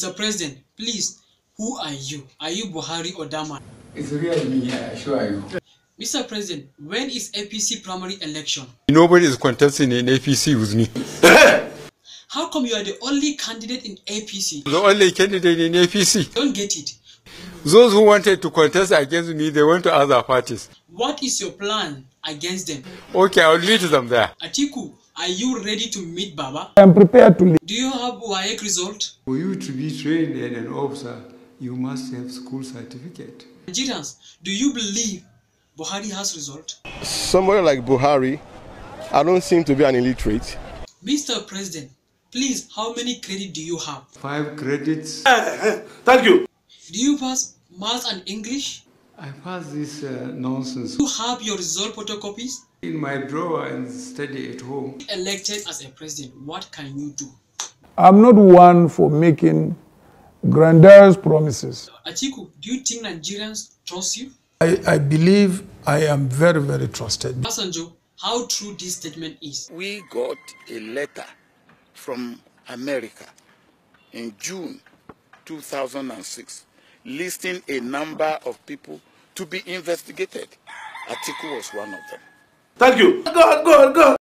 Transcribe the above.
Mr. President, please, who are you? Are you Buhari or Dama? It's really me, I assure you. Mr. President, when is APC primary election? Nobody is contesting in APC with me. How come you are the only candidate in APC? The only candidate in APC. Don't get it. Those who wanted to contest against me, they went to other parties. What is your plan against them? Okay, I'll meet them there. Atiku, are you ready to meet Baba? I am prepared to leave. Do you have WAEC result? For you to be trained as an officer, you must have school certificate. Nigerians, do you believe Buhari has result? Somebody like Buhari, I don't seem to be an illiterate. Mr. President, please, how many credits do you have? Five credits. Thank you. Do you pass math and English? i pass this uh, nonsense. You have your result photocopies? In my drawer and study at home. Elected as a president, what can you do? I'm not one for making grandiose promises. Atiku, do you think Nigerians trust you? I, I believe I am very, very trusted. Asanjo, how true this statement is? We got a letter from America in June 2006 listing a number of people to be investigated. Atiku was one of them. Thank you. God, go God.